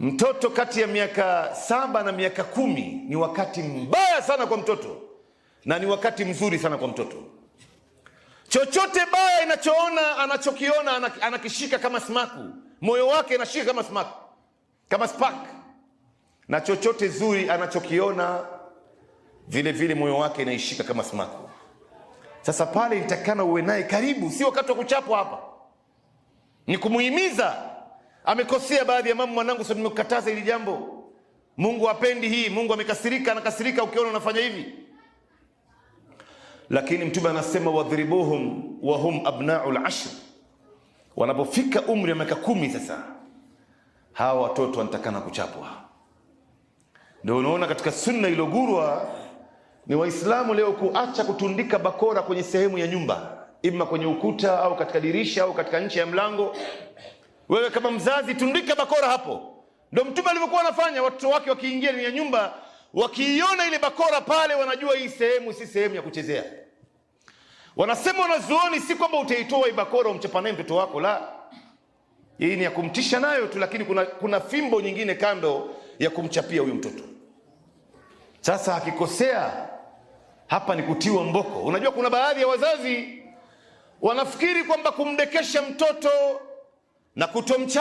Mtoto kati ya miaka saba na miaka kumi ni wakati mbaya sana kwa mtoto na ni wakati mzuri sana kwa mtoto. Chochote baya inachoona anachokiona anakishika kama smaku, moyo wake anashika kama smaku, kama spark, na chochote zuri anachokiona vile vile moyo wake inaishika kama smaku. Sasa pale itakana uwe naye karibu, si wakati wa kuchapwa hapa, ni kumuhimiza Amekosea baadhi ya mambo mwanangu, sio nimekukataza hili jambo. Mungu hapendi hii, Mungu amekasirika, anakasirika ukiona unafanya hivi. Lakini Mtume anasema wadhribuhum wa hum abnaul ashr, wanapofika umri wa miaka kumi sasa hawa watoto wanatakana kuchapwa. Ndio unaona katika sunna iliyogurwa ni Waislamu leo kuacha kutundika bakora kwenye sehemu ya nyumba, ima kwenye ukuta au katika dirisha au katika nchi ya mlango wewe kama mzazi, tundika bakora hapo. ndo Mtume alivyokuwa anafanya, watoto wake wakiingia ndani ya nyumba, wakiiona ile bakora pale, wanajua hii sehemu si sehemu ya kuchezea. Wanasema wanazuoni, si kwamba utaitoa hii bakora umchapa naye mtoto wako, la, hii ni ya kumtisha nayo tu, lakini kuna, kuna fimbo nyingine kando ya kumchapia huyu mtoto. Sasa akikosea hapa ni kutiwa mboko. Unajua, kuna baadhi ya wazazi wanafikiri kwamba kumdekesha mtoto na kutomcha